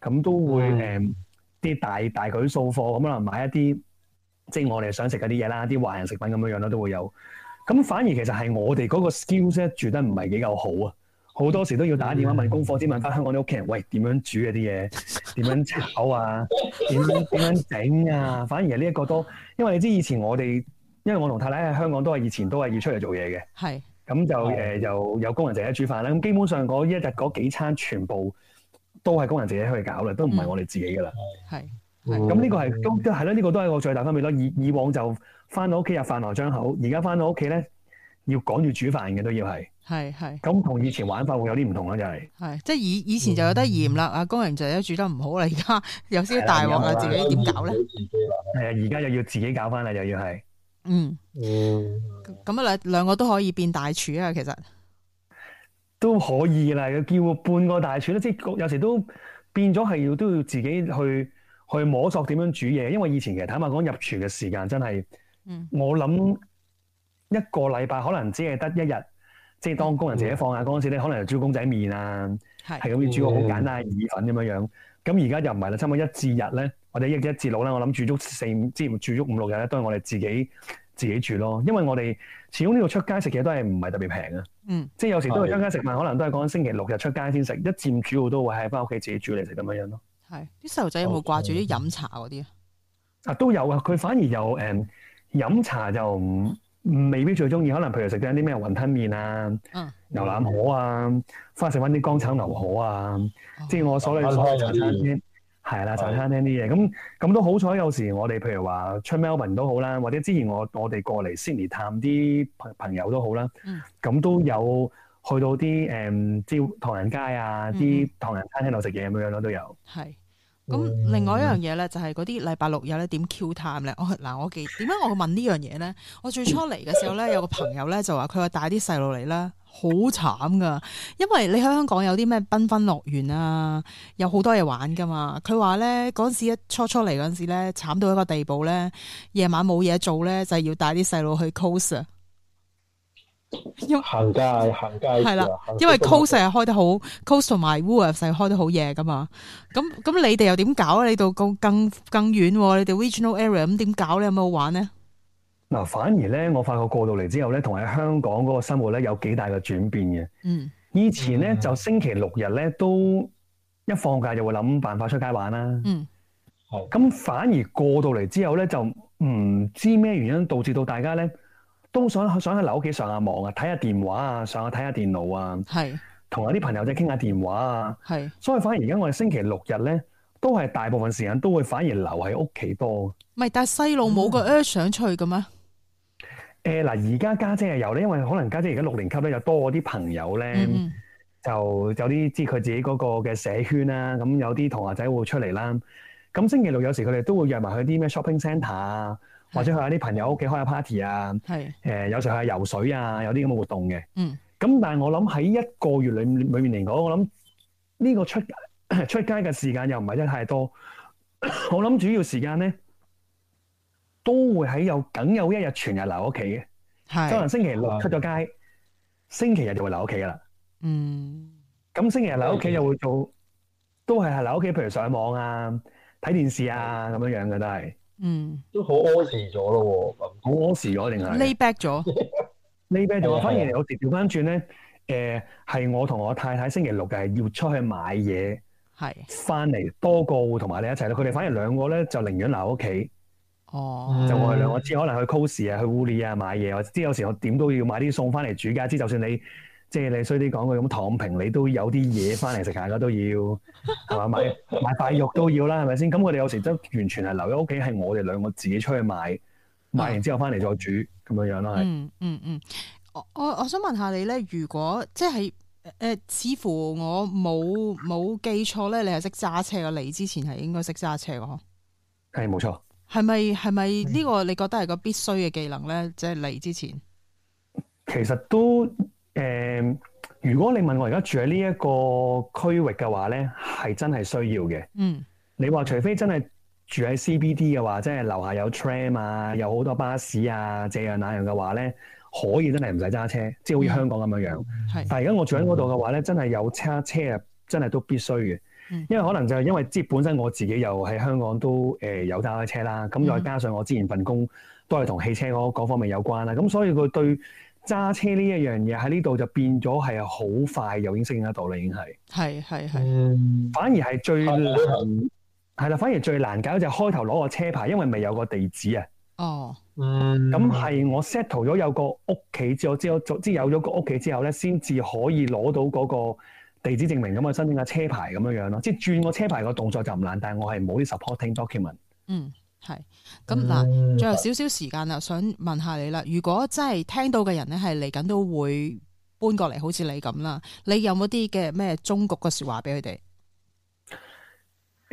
咁都會誒啲是、呃、大大舉掃貨，咁可能買一啲即係我哋想食嗰啲嘢啦，啲華人食品咁樣樣啦，都會有。咁反而其實係我哋嗰個 skillset 煮得唔係幾夠好啊！好多時都要打電話問功課，先問翻香港啲屋企人，喂，點樣煮嗰啲嘢，點樣炒啊，點點 樣整啊！反而係呢一個都，因為你知以前我哋，因為我同太太喺香港都係以前都係要出嚟做嘢嘅，咁是就誒又的、呃、有，有工人姐姐煮飯啦。咁基本上嗰一日嗰幾餐全部都係工人姐姐去搞啦，都唔係我哋自己噶啦，咁呢個係都係咯，呢個都係我最大分別咯。以以往就翻到屋企入飯來張口，而家翻到屋企咧要趕住煮飯嘅都要係係係咁，同的以前玩法會有啲唔同啦，就係即係以以前就有得鹽啦，工人就有煮得唔好啦。而家有少大鑊啦，的自己點搞咧？係啊，而家又要自己搞翻啦，又要係嗯咁啊，兩兩個都可以變大廚啊，其實都可以啦，叫半個大廚啦，即係有時都變咗係要都要自己去。去摸索點樣煮嘢，因為以前其實坦白講入廚嘅時間真係，嗯、我諗一個禮拜可能只係得一日，嗯、即係當工人自己放下嗰陣時咧，可能煮公仔麵啊，係咁是樣煮個好簡單嘅意粉咁樣。咁而家又唔係啦，差唔多一至日咧，或者一至六呢。我諗煮足四五，即係煮足五六日咧，都係我哋自己自己煮咯。因為我哋始終呢度出街食嘢都係唔係特別平啊，嗯、即係有時都係間間食飯，的可能都係講緊星期六日出街先食，一至主要都會喺返屋企自己煮嚟食咁樣咯。係，啲細路仔有冇掛住啲飲茶嗰啲、嗯、啊？啊都有啊，佢反而又誒、嗯、飲茶就未必最中意，可能譬如食緊啲咩雲吞麵啊、牛腩、嗯、河啊，翻食翻啲乾炒牛河啊，嗯、即係我所謂所謂茶餐廳係啦，茶餐廳啲嘢咁，咁都好彩，有時我哋譬如話出 Melbourne 都好啦，或者之前我我哋過嚟悉尼探啲朋朋友都好啦，咁、嗯、都有。去到啲誒，朝、嗯、唐人街啊，啲、嗯、唐人餐廳度食嘢咁樣咯，都有。係，咁、嗯、另外一樣嘢咧，就係嗰啲禮拜六日咧點 Q time 咧。我嗱，我幾點解我問這件事呢樣嘢咧？我最初嚟嘅時候咧， 有個朋友咧就話佢話帶啲細路嚟啦，好慘噶。因為你喺香港有啲咩繽紛樂園啊，有好多嘢玩噶嘛。佢話咧嗰陣時一初初嚟嗰陣時咧，慘到一個地步咧，夜晚冇嘢做咧，就係要帶啲細路去 Coles。因為行街行街係啦，因為 Coast 係開得好 Coast 同埋 Woolworth 係開得好夜噶嘛。咁咁你哋又點搞啊？你到更更遠，你哋 Regional Area 咁點搞，你有冇好玩咧？嗱，反而咧，我發覺過到嚟之後咧，同喺香港嗰個生活咧有幾大嘅轉變嘅。嗯，以前咧就星期六日咧都一放假就會諗辦法出街玩啦。嗯，好。咁反而過到嚟之後咧，就唔知咩原因導致到大家咧。都想想喺留屋企上下網啊，睇下電話啊，上下睇下電腦啊，係同下啲朋友仔傾下電話啊，係是，所以反而而家我哋星期六日咧，都係大部分時間都會反而留喺屋企多。唔係，但細路冇個誒想出去嘅咩？誒、 呃，嗱，而家家姐係有咧，因為可能家姐而家六年級咧，又多啲朋友咧，嗯，就有啲知佢自己嗰個嘅社圈啦。咁有啲同學仔會出嚟啦。咁星期六有時佢哋都會約埋去啲咩 shopping centre 啊。或者去下啲朋友屋企開下 party 啊，誒是、呃、有時候去游水啊，有啲咁嘅活動嘅。嗯，咁但係我諗喺一個月裏裏面嚟講，我諗呢個出出街嘅時間又唔係真太多。我諗主要時間咧，都會喺有梗有一日全日留屋企嘅。係是，可能星期六出咗兩街，星期日就會留屋企噶啦。嗯，咁星期日留屋企又會做，都係喺留屋企，譬如上網啊、睇電視啊咁是樣樣嘅都係。嗯，都好屙屎咗咯，好屙屎咗定係？lay back 咗，lay back 咗。反而有時調翻轉咧，誒，係、呃、我同我太太星期六係要出去買嘢，係翻嚟多個同埋你一齊咯。佢哋反而兩個咧就寧願留屋企，哦，就我哋兩個只可能去 Coles o、啊、去 Woolies 啊買嘢，或知有時我點都要買啲餸翻嚟煮㗎，知就算你。即係你衰啲講句，咁躺平，你都有啲嘢翻嚟食，大家都要係咪？ 買買塊肉都要啦，係咪先？咁我哋有時都完全係留喺屋企，係我哋兩個自己出去買買完之後翻嚟再煮咁、嗯、樣樣咯。係嗯嗯嗯，我我，我想問下你咧，如果即係誒、呃，似乎我冇冇記錯咧，你係識揸車嘅嚟之前係應該識揸車嘅嗬？係冇錯。係咪係咪呢個你覺得係個必須嘅技能咧？即係嚟之前，其實都。誒，如果你問我而家住喺呢一個區域嘅話咧，係真係需要嘅。嗯，你話除非真係住喺 CBD 嘅話，即係樓下有 tram 啊，有好多巴士啊，這樣那樣嘅話咧，可以真係唔使揸車，即係好似香港咁樣樣。係是。但係而家我住喺嗰度嘅話咧，嗯、真係有車車啊，真係都必須嘅。因為可能就係因為即係本身我自己又喺香港都誒有揸車啦，咁再加上我之前份工都係同汽車嗰方面有關啦，咁所以佢對。揸車呢一樣嘢喺呢度就變咗係好快又已經適應得到啦，已經係係係係，反而係最難係啦，反而最難搞就係開頭攞個車牌，因為未有個地址啊。哦，咁係、嗯、我 settle 咗有個屋企之後，之後即係有咗個屋企之後咧，先至可以攞到嗰個地址證明咁去申請架車牌咁樣樣咯。即係轉個車牌個動作就唔難，但係我係冇啲 supporting document。嗯。係咁嗱，最後少少時間啦，嗯、想問下你啦。如果真係聽到嘅人咧，係嚟緊都會搬過嚟，好似你咁啦，你有冇啲嘅咩中國嘅說話俾佢哋？誒、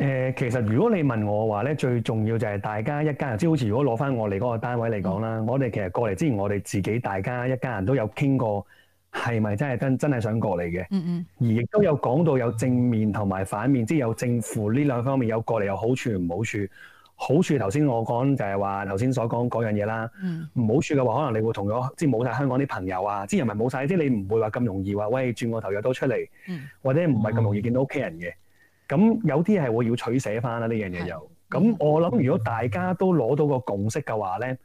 呃，其實如果你問我話咧，最重要就係大家一家人，即係好似如果攞翻我哋嗰個單位嚟講啦，嗯、我哋其實過嚟之前，我哋自己大家一家人都有傾過係咪真係真真係想過嚟嘅。嗯嗯，而亦都有講到有正面同埋反面，即係有正負呢兩方面，有過嚟有好處唔好處。.好處頭先我講就係話頭先所講嗰樣嘢啦，唔好處嘅話可能你會同咗即係冇晒香港啲朋友啊，即係人民冇晒，即你唔會話咁容易話，喂轉個頭又都出嚟，或者唔係咁容易見到屋企人嘅。咁有啲嘢係會要取捨翻啦，呢樣嘢又咁。我諗如果大家都攞到個共識嘅話咧，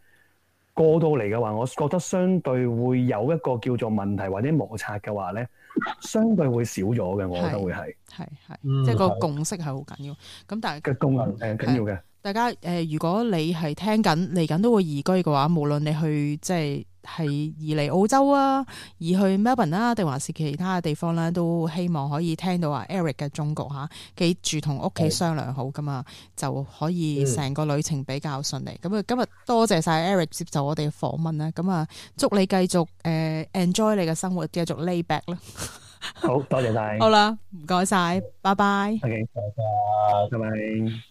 過到嚟嘅話，我覺得相對會有一個叫做問題或者摩擦嘅話咧，相對會少咗嘅，我覺得會係係係，即係個共識係好緊要。咁但係個共識誒緊要嘅。大家誒、呃，如果你係聽緊嚟緊都會移居嘅話，無論你去即係係移嚟澳洲啊，移去 Melbourne 啊，定還是其他嘅地方咧、啊，都希望可以聽到 Eric 的中國啊 Eric 嘅忠告吓，記住同屋企商量好噶嘛。Okay. 就可以成個旅程比較順利。咁啊、嗯，今日多謝晒 Eric 接受我哋嘅訪問啦，咁啊，祝你繼續誒、呃、enjoy 你嘅生活，繼續 lay back 啦。 好多謝晒，好啦，唔該晒，拜拜 Okay. bye。拜拜。